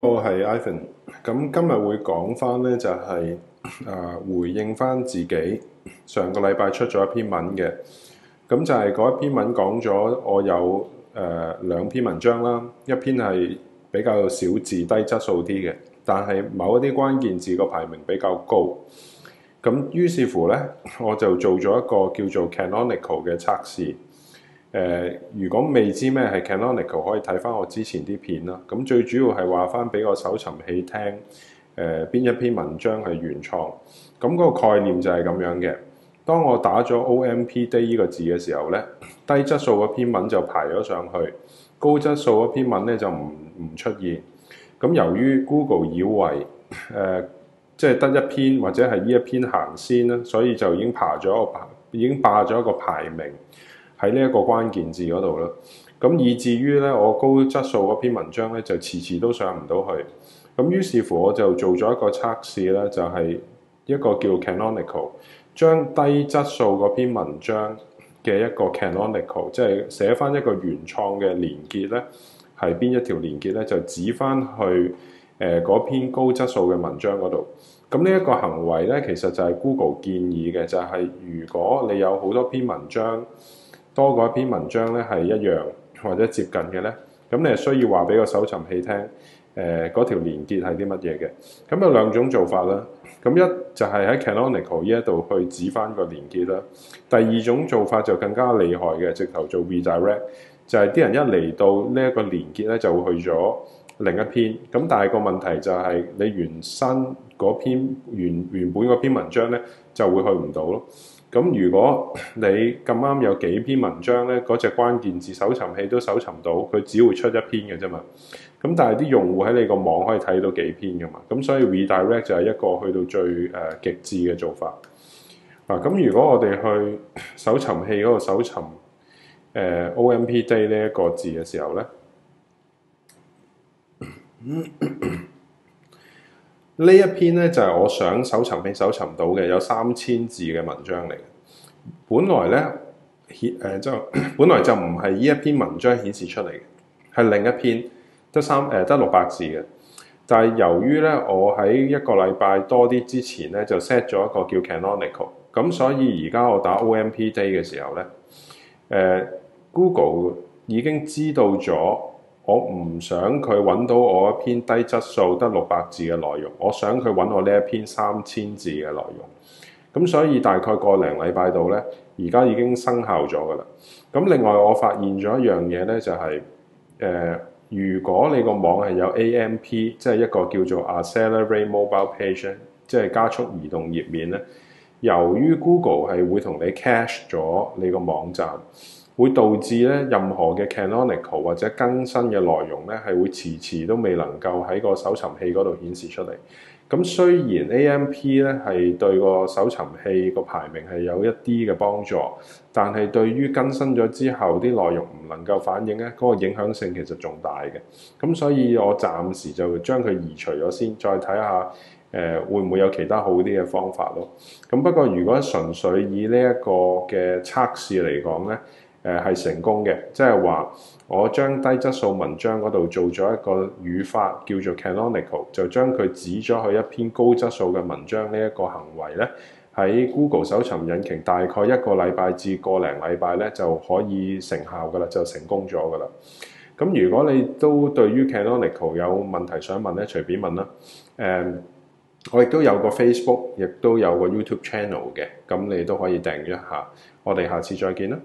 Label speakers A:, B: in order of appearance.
A: 我係 Ivan，咁今日會講翻咧就係、是、誒、呃、回應翻自己上個禮拜出咗一篇文嘅，咁就係嗰一篇文講咗我有誒兩、呃、篇文章啦，一篇係比較少字、低質素啲嘅，但係某一啲關鍵字個排名比較高，咁於是乎咧我就做咗一個叫做 Canonical 嘅測試。誒、呃，如果未知咩係 canonical，可以睇翻我之前啲片啦。咁最主要係話翻俾我搜尋器聽，誒、呃、邊一篇文章係原創。咁、那、嗰個概念就係咁樣嘅。當我打咗 OMPD 呢個字嘅時候咧，低質素嗰篇文就排咗上去，高質素嗰篇文咧就唔唔出現。咁由於 Google 以為誒，即係得一篇或者係呢一篇行先啦，所以就已經爬咗一個已經霸咗一個排名。喺呢一個關鍵字嗰度咯，咁以至於咧，我高質素嗰篇文章咧就次次都上唔到去，咁於是乎我就做咗一個測試咧，就係、是、一個叫 canonical，將低質素嗰篇文章嘅一個 canonical，即係寫翻一個原創嘅連結咧，係邊一條連結咧，就指翻去誒嗰、呃、篇高質素嘅文章嗰度，咁呢一個行為咧，其實就係 Google 建議嘅，就係、是、如果你有好多篇文章。多過一篇文章咧係一樣或者接近嘅咧，咁你係需要話俾個搜尋器聽，誒、呃、嗰條連結係啲乜嘢嘅？咁有兩種做法啦。咁一就係喺 canonical 呢一度去指返個連結啦。第二種做法就更加厲害嘅，直頭做 redirect，就係啲人一嚟到呢一個連結咧就會去咗另一篇。咁但係個問題就係你原生嗰篇原原本嗰篇文章咧就會去唔到咯。咁如果你咁啱有幾篇文章咧，嗰、那、隻、個、關鍵字搜尋器都搜尋到，佢只會出一篇嘅啫嘛。咁但係啲用戶喺你個網可以睇到幾篇㗎嘛。咁所以 redirect 就係一個去到最誒極致嘅做法。嗱、啊，咁如果我哋去搜尋器嗰度搜尋誒、呃、O M P D 呢一個字嘅時候咧， 呢一篇咧就係、是，我想搜尋未搜尋到嘅，有三千字嘅文章嚟。本來咧顯誒，就本來就唔係呢一篇文章顯示出嚟嘅，係另一篇得三、誒、呃、得六百字嘅。但係由於咧我喺一個禮拜多啲之前咧就 set 咗一個叫 canonical，咁所以而家我打 OMP day 嘅時候咧，誒、呃、Google 已經知道咗。我唔想佢揾到我一篇低質素得六百字嘅內容，我想佢揾我呢一篇三千字嘅內容。咁所以大概個零禮拜到呢，而家已經生效咗㗎啦。咁另外我發現咗一樣嘢呢，就係誒，如果你個網係有 AMP，即係一個叫做 Accelerate Mobile Page，即係加速移動頁面呢，由於 Google 係會同你 cache 咗你個網站。會導致咧任何嘅 canonical 或者更新嘅內容咧，係會遲遲都未能夠喺個搜尋器嗰度顯示出嚟。咁雖然 AMP 咧係對個搜尋器個排名係有一啲嘅幫助，但係對於更新咗之後啲內容唔能夠反映咧，嗰個影響性其實仲大嘅。咁所以我暫時就將佢移除咗先，再睇下誒、呃、會唔會有其他好啲嘅方法咯。咁不過如果純粹以呢一個嘅測試嚟講咧，誒係成功嘅，即係話我將低質素文章嗰度做咗一個語法叫做 canonical，就將佢指咗去一篇高質素嘅文章呢一個行為呢，喺 Google 搜尋引擎大概一個禮拜至個零禮拜呢，就可以成效噶啦，就成功咗噶啦。咁如果你都對於 canonical 有問題想問呢，隨便問啦。誒、um，我亦都有個 Facebook，亦都有個 YouTube channel 嘅，咁你都可以訂閱一下。我哋下次再見啦。